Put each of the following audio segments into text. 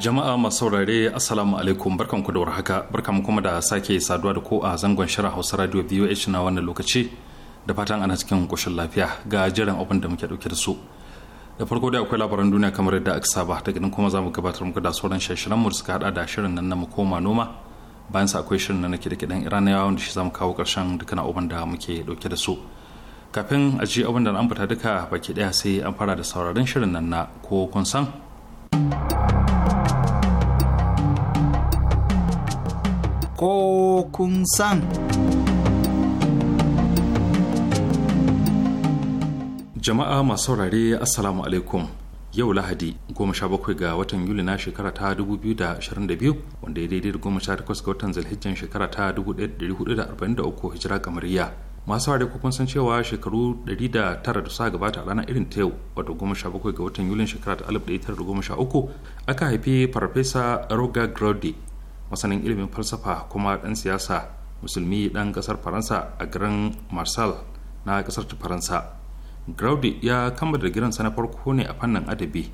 Jama'a masu saurare Assalamu alaikum barkanku da warhaka barkan kuma da sake saduwa da ko a zangon shirin Hausa Radio VOH na wannan lokaci da fatan ana cikin koshin lafiya ga jiran abin da muke dauke da su. Da farko dai akwai labaran duniya kamar yadda aka saba ta gidan kuma za mu gabatar muku da sauran shirin mu da suka hada da shirin nan na mu koma noma bayan sa akwai shirin nan na da kidan Iraniyawa wanda shi zamu kawo karshen dukkan abin da muke dauke da su. Kafin a ji abin da an fita duka baki daya sai an fara da sauraron shirin nan na ko kun san. ko kun san. Jama'a masu saurare Assalamu alaikum. Yau Lahadi 17 ga watan Yuli na shekara ta 2022 wanda ya daidai da 18 ga watan zalhijjan shekara ta 1443 hijira kamariya. Masu saurare ko kun san cewa shekaru 109 da suka gabata a ranar irin ta yau wato 17 ga watan Yulin shekara ta 1913 aka haifi Farfesa Roger Grody masanin ilimin falsafa kuma ɗan siyasa musulmi ɗan kasar faransa a garin marsal na ƙasar ta faransa graudi ya kammala sa na farko ne a fannin adabi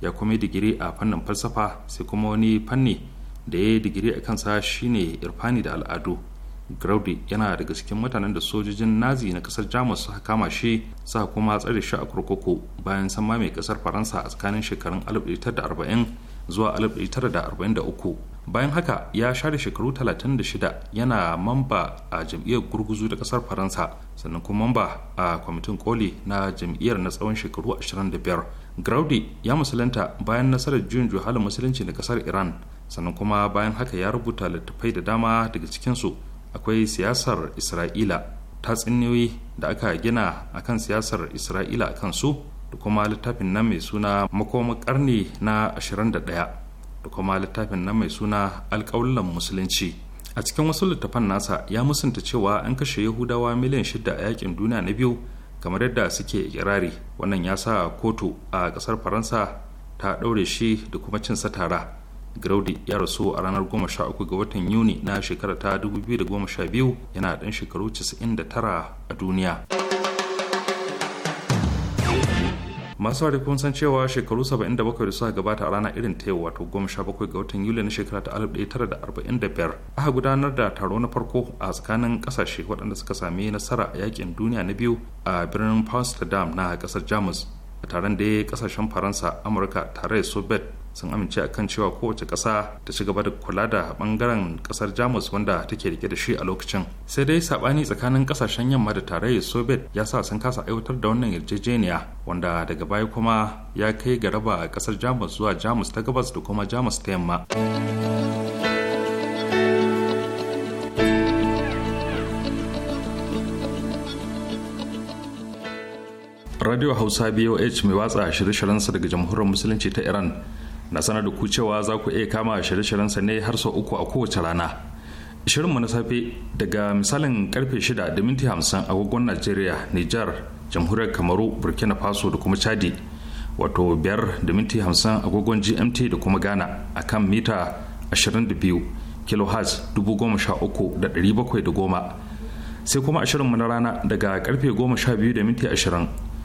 ya kuma digiri a fannin falsafa sai kuma wani fanni da ya yi digiri a kansa shine irfani da al'adu graudi yana daga cikin mutanen da sojojin nazi na kasar jamus suka kama shi sa kuma tsare shi a kurkuku bayan san mai kasar faransa a tsakanin shekarun 1940 zuwa 1943 bayan haka ya share shekaru 36 yana mamba a jam'iyyar gurguzu da kasar faransa sannan kuma mamba a kwamitin koli na jam'iyyar na tsawon shekaru 25 graudi ya musulunta bayan nasarar juyin juhalin musulunci da kasar iran sannan kuma bayan haka ya rubuta littattafai da dama daga cikinsu akwai siyasar isra'ila tatsuniyoyi da aka gina akan siyasar isra'ila akan su da kuma littafin na mai suna makomar karni na 21 da kuma littafin na mai suna alƙawullan musulunci a cikin wasu littafan nasa ya musanta cewa an kashe yahudawa miliyan shida a yakin duniya na biyu kamar yadda suke kirari wannan ya sa kotu a ƙasar faransa ta ɗaure shi da kuma cin satara graudi ya rasu a ranar 13 ga watan yuni na shekara ta 2012 yana ɗan shekaru 99 a duniya. masu wari kun san cewa shekaru 77 da suka gabata a rana irin ta yau wato 17 ga watan yuli na shekara ta 1945 aka gudanar da taro na farko a tsakanin kasashe waɗanda suka sami nasara a yakin duniya na biyu a birnin potsdam na kasar jamus a taron da ya kasashen faransa amurka tare da soviet sun amince a kan cewa kowace kasa ta ci gaba da kula da ɓangaren ƙasar jamus wanda take rike da shi a lokacin sai dai saɓani tsakanin ƙasashen yamma da tarayyar soviet ya sa sun kasa aiwatar da wannan yarjejeniya wanda daga baya kuma ya kai ga raba ƙasar jamus zuwa jamus ta gabas da kuma jamus ta yamma radio hausa boh mai watsa shirye-shiryensa daga jamhuriyar musulunci ta iran na sanar da ku cewa za ku iya kama shirye sa ne har sau uku a kowace rana shirinmu na safe daga misalin karfe 6 da minti 50 agogon najeriya nijar jamhuriyar kamaru burkina faso da kuma chadi wato 5 da minti 50 agogon gmt da kuma ghana a kan mita 22 kilohertz 13710 sai kuma a shirinmu na rana daga karfe 12 da minti 20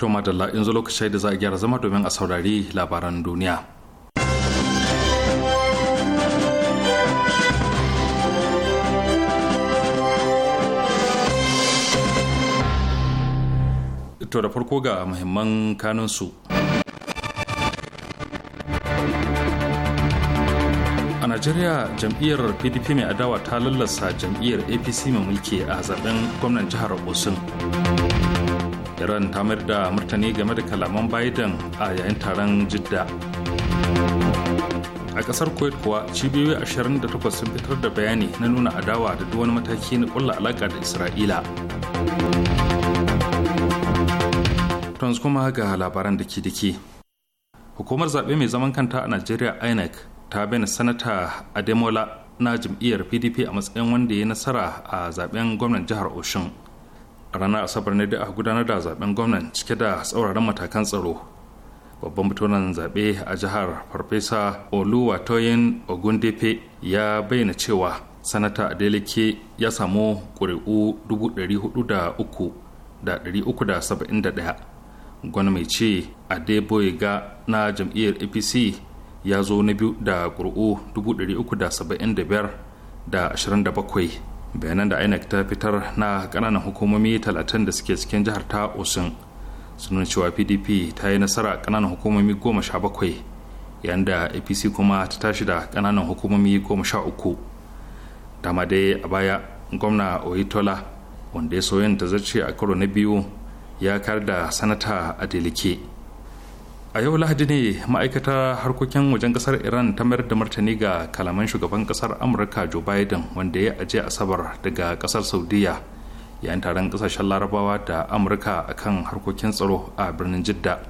to madalla in zo lokaci da za a gyara zama domin a saurari labaran duniya to da farko ga muhimman kanunsu a najeriya jam'iyyar pdp mai adawa ta lallasa jam'iyyar apc mai mulki a zaben gwamnan jihar osun iran ta mayar da martani game da kalaman biden a yayin taron jidda a kasar kuwait kuwa cibiyoyi takwas sun fitar da bayani na nuna adawa da duk wani mataki na kulla alaka da isra'ila yanzu kuma ga labaran da ke hukumar zaɓe mai zaman kanta a najeriya inec ta bayyana sanata ademola na jam'iyyar pdp a matsayin wanda ya yi nasara a zaɓen gwamnan jihar oshun a ranar asabar ne da aka gudanar da zaben gwamnan cike da tsauraran matakan tsaro babban mutunan zaɓe a jihar farfesa oluwatoyin ogundefe ya bayyana cewa sanata adeleke ya samu ƙuri'u 4,371 gwani mai ce adeboyega na jam'iyyar apc ya zo na biyu da ƙuri'u 375 da 27 bayanan da inec ta fitar na kananan hukumomi 30 da suke cikin jihar ta osun sun cewa pdp ta yi nasara a kananan hukumomi 17 yayin da apc kuma ta tashi da kananan hukumomi 13 dama dai a baya gwamna oyitola wanda ya soyin ta zarce a karo na biyu ya kar da sanata a adelike a yau lahadi ne ma'aikata harkokin wajen kasar iran ta mayar da martani ga kalaman shugaban kasar amurka joe biden wanda ya ajiye asabar daga kasar saudiya yayin taron kasashen larabawa da amurka a kan harkokin tsaro a birnin jidda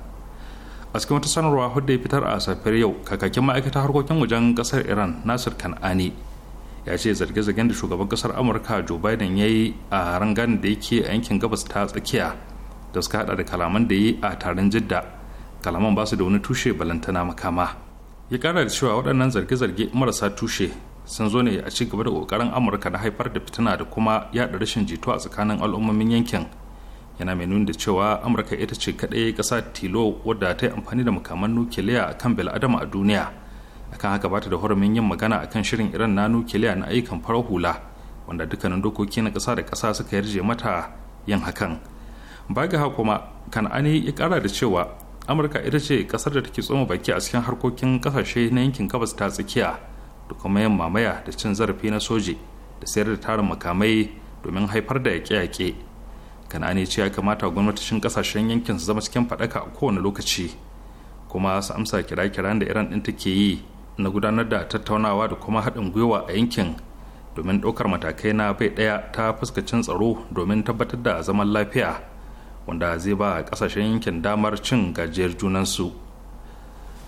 a cikin wata sanarwa hudda ya fitar a safiyar yau kakakin ma'aikata harkokin wajen kasar iran nasir kan'ani ya ce zarge-zargen da shugaban kasar amurka joe biden ya yi a ranganin da yake a yankin gabas ta tsakiya da suka hada da kalaman da ya yi a taron jidda kalaman ba su da wani tushe balantana makama ya kara da cewa waɗannan zarge-zarge marasa tushe sun zo ne a ci gaba da ƙoƙarin amurka na haifar da fitina da kuma yaɗa rashin jituwa tsakanin al'ummomin yankin yana mai nuni da cewa amurka ita ce kaɗai ƙasa tilo wadda ta yi amfani da makaman nukiliya a kan bil'adama a duniya akan haka bata da hurumin yin magana akan shirin iran na nukiliya na ayyukan farar hula wanda dukkanin dokoki na ƙasa da ƙasa suka yarje mata yin hakan ba baga kuma kan'ani ya ƙara da cewa amurka ita ce kasar da take tsoma baki a cikin harkokin kasashe na yankin gabas ta tsakiya da kuma yin mamaya da cin zarafi na soji da sayar da tarin makamai domin haifar da yaƙe-yaƙe kanani ce ya kamata gwamnatocin kasashen yankin su zama cikin faɗaka a kowane lokaci kuma su amsa kira-kiran da iran ɗin take yi na gudanar da tattaunawa da kuma haɗin gwiwa a yankin domin ɗaukar matakai na bai ɗaya ta fuskacin tsaro domin tabbatar da zaman lafiya wanda zai ba kasashen yankin damar cin gajiyar junansu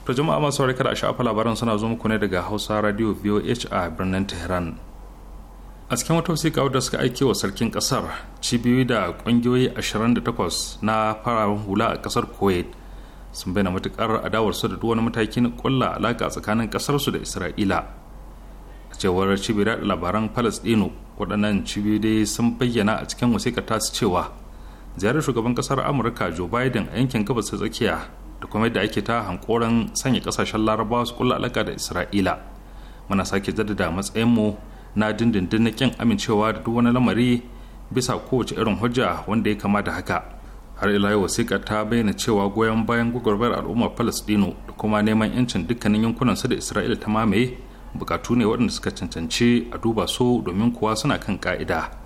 to jama'a masu warkar a sha'afa labaran suna zo muku ne daga hausa radio voh a birnin tehran a cikin wata wasiƙa wadda suka aike wa sarkin ƙasar cibiyoyi da ƙungiyoyi ashirin da 28 na fararen hula a ƙasar kuwait sun bayyana matuƙar adawarsu da duk wani mataki na ƙulla alaƙa tsakanin ƙasarsu da isra'ila a cewar cibiyar labaran palestino waɗannan cibiyoyi sun bayyana a cikin wasiƙa tasu cewa ziyarar shugaban kasar amurka joe biden a yankin gabas ta tsakiya da kuma yadda ake ta hankoran sanya kasashen larabawa su kula alaka da isra'ila muna sake jaddada matsayinmu na dindindin na kin amincewa da duk wani lamari bisa kowace irin hujja wanda ya kama da haka har ila yau wasiƙa ta bayyana cewa goyon bayan gwagwarmayar al'ummar palestino da kuma neman yancin dukkanin yankunan su da isra'ila ta mamaye bukatu ne waɗanda suka cancanci a duba su domin kuwa suna kan ka'ida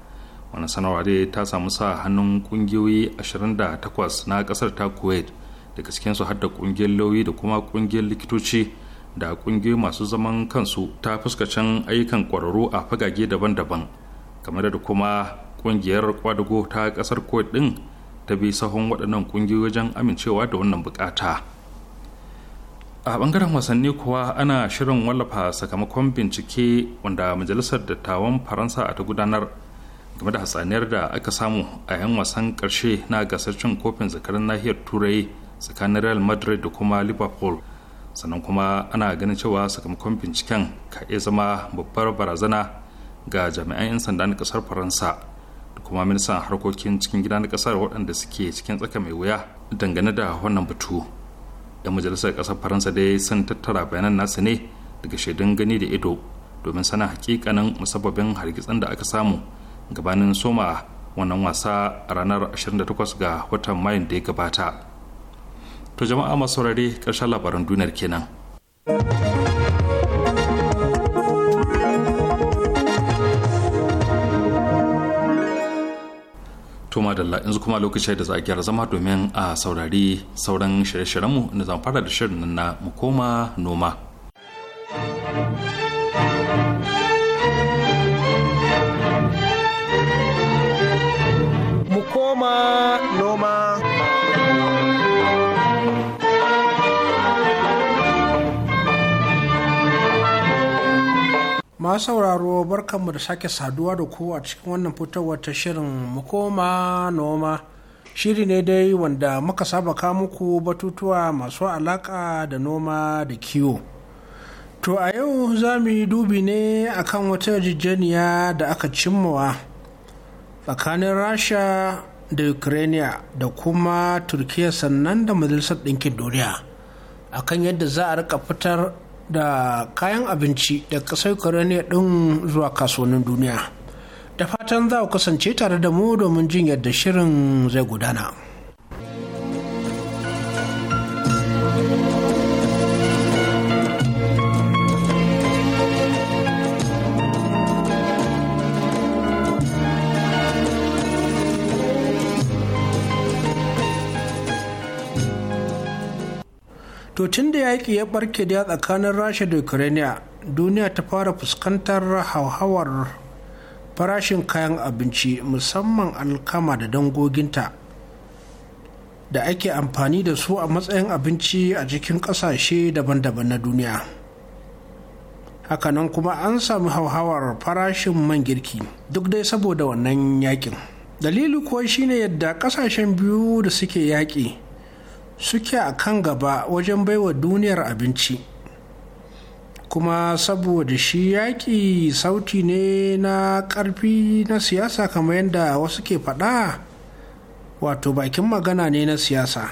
wani sanarwa dai ta samu sa hannun kungiyoyi 28 na kasar ta kuwait daga cikinsu har da kungiyar lauyi da kuma kungiyar likitoci da kungiyoyi masu zaman kansu ta fuskacin ayyukan kwararru a fagage daban-daban kamar da kuma kungiyar kwadago ta kasar kuwait din ta bi sahun waɗannan kungiyoyi wajen amincewa da wannan bukata a bangaren wasanni kuwa ana shirin wallafa sakamakon bincike wanda majalisar dattawan faransa a ta gudanar game da hasaniyar da aka samu a 'yan wasan karshe na gasar cin kofin zakarin nahiyar turai tsakanin real madrid da kuma liverpool sannan kuma ana ganin cewa sakamakon binciken ka iya zama babbar barazana ga jami'an 'yan sanda na kasar faransa da kuma ministan harkokin cikin gida na kasar waɗanda suke cikin tsaka mai wuya dangane da wannan batu 'yan majalisar kasar faransa dai sun tattara bayanan nasu ne daga shaidun gani da ido domin sanin hakikanin musabbabin hargitsin da aka samu gabanin soma wannan wasa ranar 28 ga watan mayun da ya gabata to jama'a masu saurare ƙarshen labaran duniyar kenan Toma Dalla yanzu kuma lokaci da za a gyara zama domin a saurari sauran shirye-shiryenmu da zan fara da shirin na mu koma noma. masu sauraro barkanmu da sake saduwa da ku a cikin wannan fitowar ta shirin mukoma noma shiri ne dai wanda muka saba ka muku batutuwa masu alaka da noma da kiwo to a yau za mu yi dubi ne akan wata yarjejeniya da aka cimmawa tsakanin rasha da ukraine da kuma turkiya sannan da majalisar ɗinkin duniya akan yadda za a rika fitar da kayan abinci da kasar Ukraine ɗin zuwa kasuwannin duniya. Da fatan za ku kasance tare da mu domin jin yadda shirin zai gudana. to da yaƙi ya barke da tsakanin rasha da ukraine duniya ta fara fuskantar hauhawar farashin kayan abinci musamman alkama da dangoginta da ake amfani da su a matsayin abinci a cikin ƙasashe daban-daban na duniya hakanan kuma an sami hauhawar farashin man girki duk dai saboda wannan yakin dalili kuwa shine yadda ƙasashen biyu da suke yaƙi suke a kan gaba wajen baiwa duniyar abinci kuma saboda shi yaƙi sauti ne na ƙarfi na siyasa kamar yadda wasu ke faɗa wato bakin magana ne na siyasa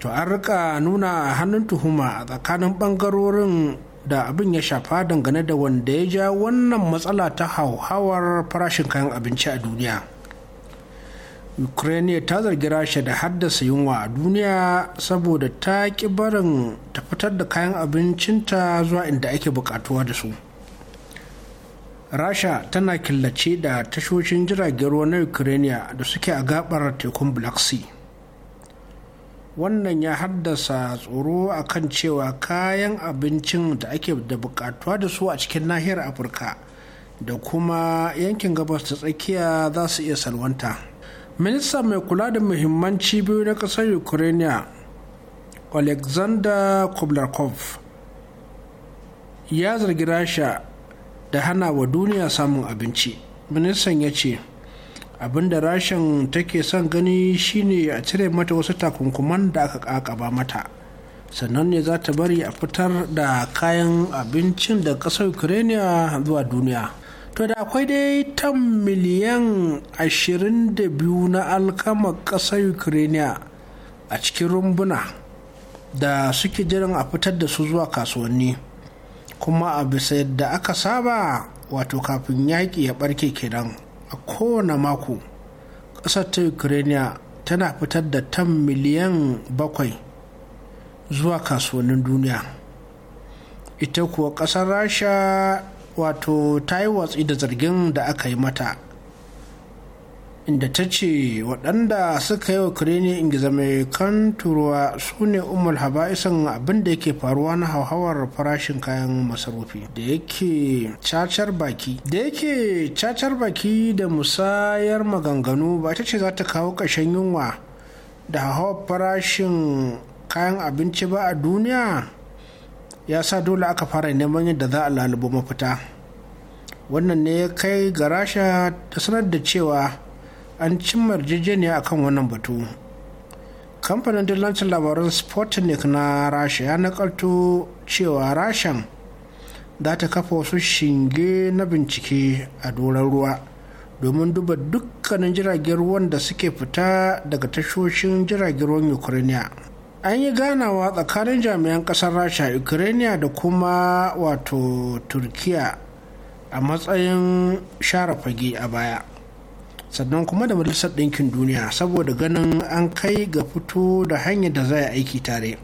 to an rika nuna hannun tuhuma a tsakanin ɓangarorin da abin ya shafa dangane da wanda ya ja wannan matsala ta hauhawar farashin kayan abinci a duniya. ukraine ta zargi rasha da haddasa yunwa a duniya saboda ta ki barin ta fitar da kayan abincinta zuwa inda ake bukatuwa da su rasha tana killace da tashoshin jiragen ruwa na ukraine da suke a gabar tekun black sea wannan ya haddasa tsoro a kan cewa kayan abincin da ake da bukatuwa da su a cikin nahiyar afirka da kuma yankin gabas ta tsakiya za su iya salwanta. minista mai kula da muhimman cibiyoyi na ƙasar ukraine alexander Kublakov ya zargi rasha da hana wa duniya samun abinci ministan ya ce abinda rashin take son gani shine a cire mata wasu takunkuman da aka kakaba mata sannan ne za ta bari a fitar da kayan abincin da ƙasar ukraine zuwa duniya to da akwai dai tan miliyan 22 na alkama ƙasar ukraine a cikin rumbuna da suke jiran a fitar da su zuwa kasuwanni kuma a bisa yadda aka saba wato kafin yaƙi ya barke kenan a kowane mako ƙasar ta ukraine tana fitar da tan miliyan 7 zuwa kasuwannin duniya ita kuwa ƙasar rasha wato ta yi watsi da zargin da aka yi mata inda ta ce waɗanda suka yi wa kirini ingiza mai kan turuwa su ne umar haba'isan abin da yake faruwa na hauhawar farashin kayan masarufi da yake cacar baki da yake cacar baki da musayar maganganu ba ta ce za ta kawo ƙashen yunwa da hauhawar farashin kayan abinci ba a duniya ya sa dole aka fara neman yadda za a lalubo mafita wannan ne ya kai ga rasha ta sanar da cewa an cimma yarjejeniya akan wannan batu kamfanin dillancin labaran sputnik na rasha ya nakalto cewa rashan za ta kafa wasu shinge na bincike a doron ruwa domin duba dukkanin jiragen ruwan da suke fita daga tashoshin jiragen ruwan ukraine an yi ganawa tsakanin jami'an kasar rasha ukraine da kuma wato turkiya a matsayin share fage a baya sannan kuma da majalisar ɗinkin duniya saboda ganin an kai ga fito da hanyar da zai aiki tare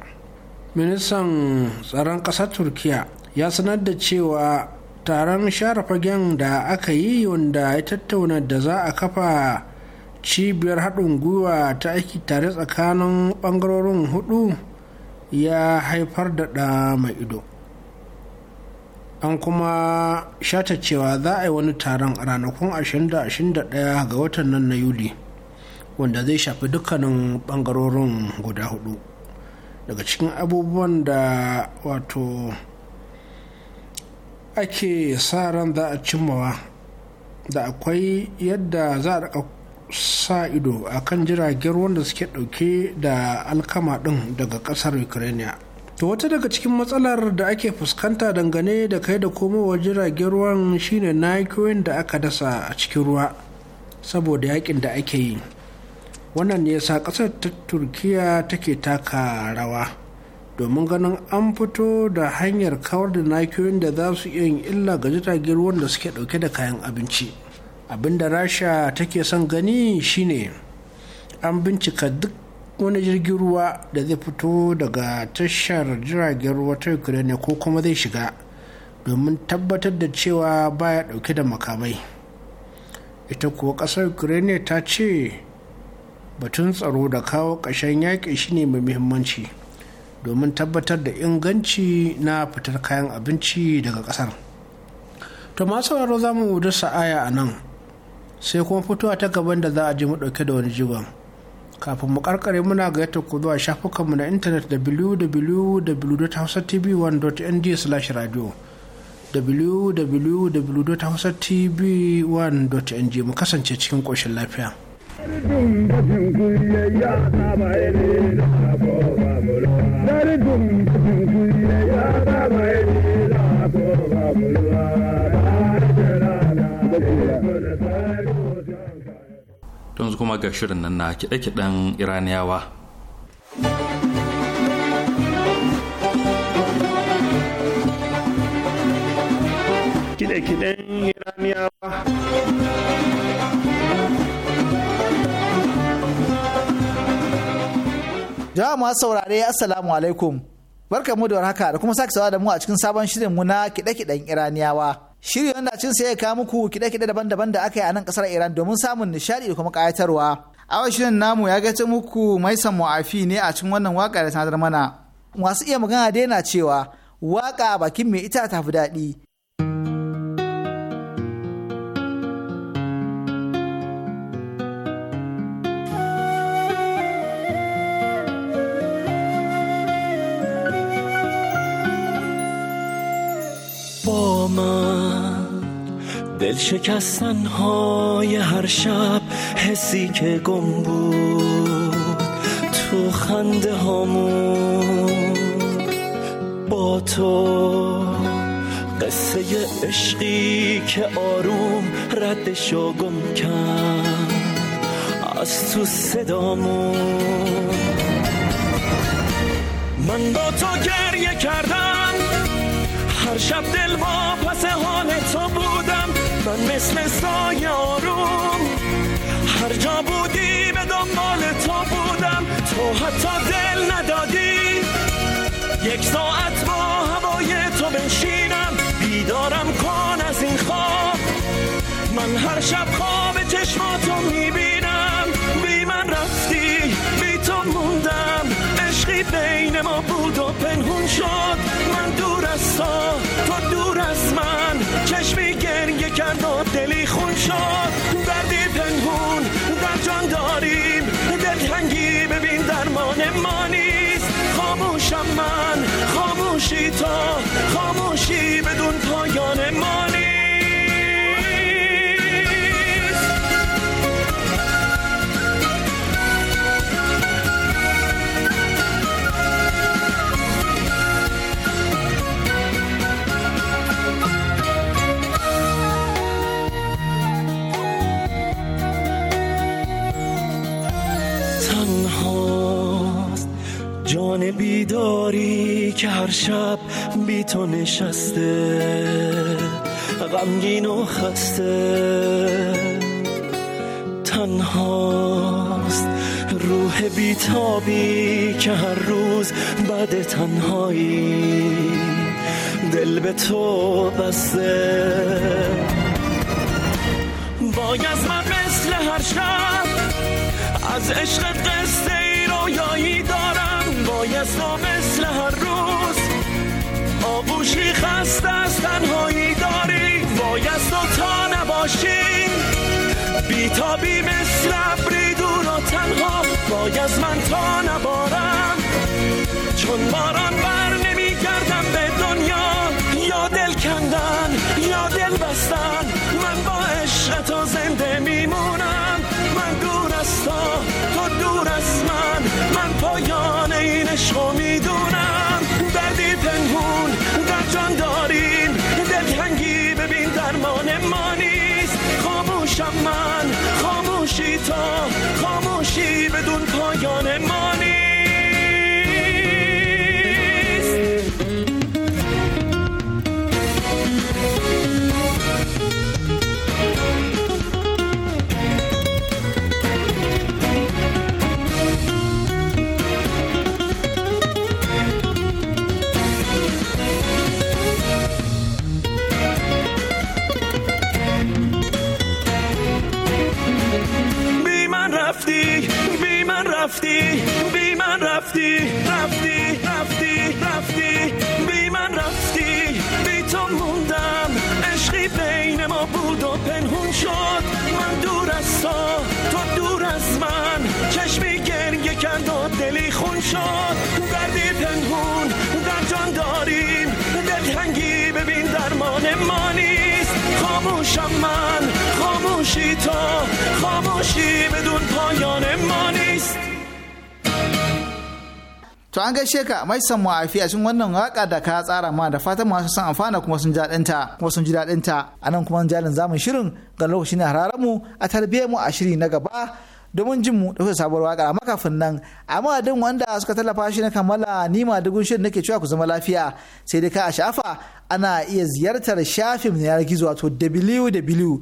ministan tsaron ƙasar turkiya ya sanar da cewa taron share fagen da aka yi wanda ya tattauna da za a kafa cibiyar haɗin gwiwa ta aiki tare tsakanin ɓangarorin hudu ya haifar da ɗa mai ido an kuma shata cewa za a yi wani taron a ranakun 20-21 ga watan nan na yuli wanda zai shafi dukkanin ɓangarorin guda hudu daga cikin abubuwan da wato ake sa ran za a cimmawa da akwai yadda za a sa ido a kan jiragen ruwan da suke ɗauke da alkama ɗin daga ƙasar ukraine to wata daga cikin matsalar da ake fuskanta dangane da kai da komowar jiragen ruwan shine nakiyoyin da aka dasa a cikin ruwa saboda yakin da ake yi wannan ne yasa ƙasar ta turkiya take taka rawa domin ganin an fito da hanyar kawar da nakiyoyin da za su iya yin illa ga jiragen ruwan da suke ɗauke da kayan abinci. Abin da rasha take son gani shine an bincika duk wani jirgin ruwa da zai fito daga tashar jiragen ruwa ta ukraine ko kuma zai shiga domin tabbatar da cewa baya dauke da makamai ita kuwa kasar ukraine ta ce batun tsaro da kawo ƙashen yaƙi shine mai muhimmanci domin tabbatar da inganci na fitar kayan abinci daga ƙasar to masu za mu dasa aya a nan sai kuma fitowa ta gaban da za a je mu dauke da wani jigon kafin mu karkare muna ga yadda ku zuwa shafukanmu na intanet www.hausatv1.ng/radio www.hausatv1.ng mu kasance cikin koshin lafiya. Dari dum dum ya ba ba Don kuma ga shirin nan na kiɗe-kiɗen Iraniyawa. Kiɗe-kiɗen Iraniyawa. Jama'a masu saurare, Assalamu alaikum. Barkanmu da warhaka da kuma sake sawa da mu a cikin sabon shirinmu na kiɗe-kiɗen Iraniyawa. shiri wanda cin sai ya kawo muku kide-kide daban-daban da aka yi a nan kasar Iran domin samun nishaɗi da kuma kayatarwa. Awa shirin namu ya gaci muku mai Maisan Mu'afi ne a cikin wannan waka da sanadar mana. Masu iya magana daina cewa waka a bakin mai ita ta fi daɗi دل شکستن های هر شب حسی که گم بود تو خنده هامون با تو قصه عشقی که آروم ردشو گم کرد از تو صدامون من با تو گریه کردم هر شب دل ما پس حال تو بودم مثل سایارو هر جا بودی به دنبال تو بودم تو حتی دل ندادی یک ساعت با هوای تو بنشینم بیدارم کن از این خواب من هر شب خواب چشماتو میبینم بی من رفتی بی تو موندم عشقی بین ما بود و شد دردی پنهون در جان داریم دلتنگی ببین درمان ما نیست خاموشم من خاموشی تو خاموشی بدون پایان ما جان بیداری که هر شب بی تو نشسته غمگین و خسته تنهاست روح بیتابی که هر روز بعد تنهایی دل به تو بسته وای از من مثل هر شب از عشق قصه ای رویایی دار شکایست و مثل هر روز آغوشی خست از تنهایی داری وایست و تا نباشی بیتابی مثل ابری دور و تنها از من تا نبارم چون باران بر نمیگردم به دنیا یا دل کندن یا دل بستن من با عشق تو زنده میمونم من دور از تو تو دور از من من پایان عشق بود و پنهون شد من دور از تو تو دور از من چشمی گریه کرد و دلی خون شد دردی پنهون در جان داریم دلتنگی ببین درمان ما نیست خاموشم من خاموشی تو خاموشی بدون پایان ما نیست To an gaishe ka mai san mu a cikin wannan waka da ka tsara ma da fatan masu san amfana kuma sun ta kuma sun ji daɗinta a nan kuma jalin zamun shirin ga lokacin da hararen mu a tarbiyyar mu a shiri na gaba domin jin mu da sabuwar waka amma kafin nan a madadin wanda suka tallafa shi na kammala ni ma dugun shirin nake cewa ku zama lafiya sai dai ka a shafa ana iya ziyartar shafin yanar gizo wato www.tv1.ng.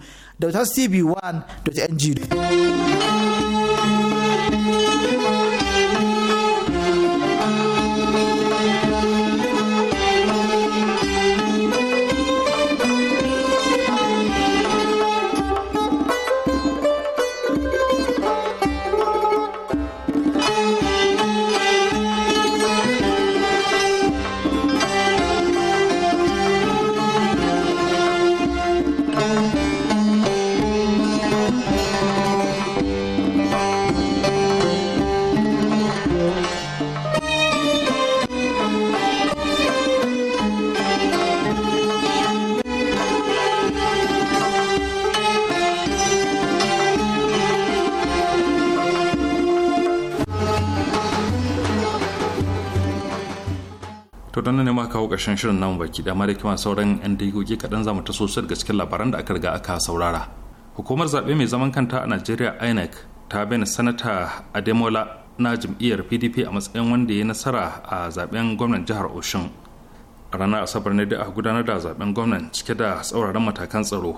ƙarshen shirin nan baki da mara sauran 'yan daigogi kaɗan zamu ta sosai daga cikin labaran da aka riga aka saurara. Hukumar zaɓe mai zaman kanta a Najeriya INEC ta bayyana sanata Ademola na jam'iyyar PDP a matsayin wanda ya nasara a zaɓen gwamnan jihar Oshun. A ranar Asabar ne da aka gudanar da zaben gwamnan cike da tsauraran matakan tsaro.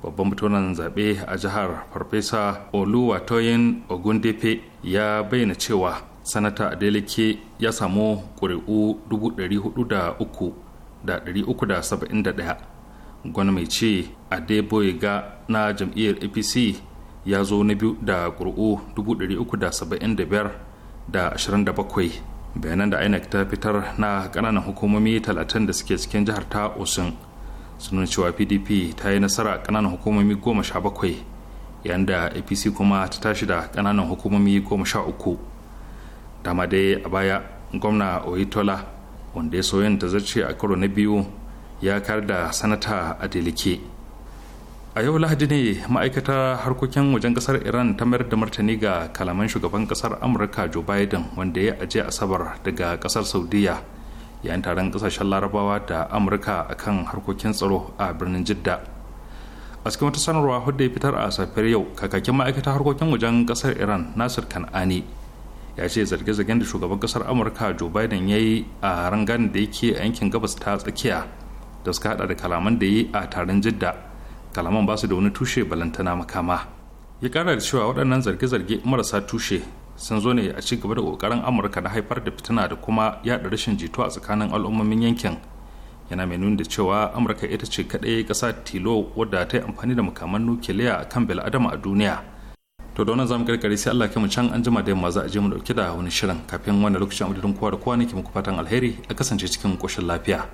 Babban mutunan zaɓe a jihar Farfesa Oluwatoyin Ogundefe ya bayyana cewa sanata adeleke ya samu ƙuri'u 403,371 gwani mai ce adeboyega na jam'iyyar apc ya zo na biyu da ƙuri'u 375,27 bayanan da inec ta fitar na ƙananan hukumomi 30 da suke cikin jihar ta osun sun cewa pdp ta yi nasara ƙananan hukumomi 17 yayin da apc kuma ta tashi da ƙananan hukumomi 13 dama dai a baya gwamna oyitola wanda ya soyin da zarce a karo na biyu ya kar da sanata a delike a yau lahadi ne ma'aikatar harkokin wajen kasar iran ta mayar da martani ga kalaman shugaban kasar amurka joe biden wanda ya aje asabar daga kasar saudiya yayin taron kasashen larabawa da amurka akan harkokin tsaro a birnin jidda a cikin wata sanarwa hudu ya fitar a safiyar yau kakakin ma'aikatar harkokin wajen kasar iran nasir kan'ani ya ce zarge-zargen da shugaban kasar amurka joe biden ya yi a rangan da yake a yankin gabas ta tsakiya da suka hada da kalaman da ya yi a taron jidda kalaman ba su da wani tushe balantana makama ya kara da cewa waɗannan zarge-zarge marasa tushe sun zo ne a ci gaba da ƙoƙarin amurka na haifar da fitina da kuma yaɗa rashin a tsakanin al'ummomin yankin yana mai nuni da cewa amurka ita ce kaɗai ƙasa tilo wadda ta yi amfani da makaman nukiliya kan bil'adama a duniya to da wannan zamu karkare sai Allah mu can an jima da yamma za a je mu dauke da wani shirin kafin wannan lokacin amudin kowa da kowa nake muku fatan alheri a kasance cikin koshin lafiya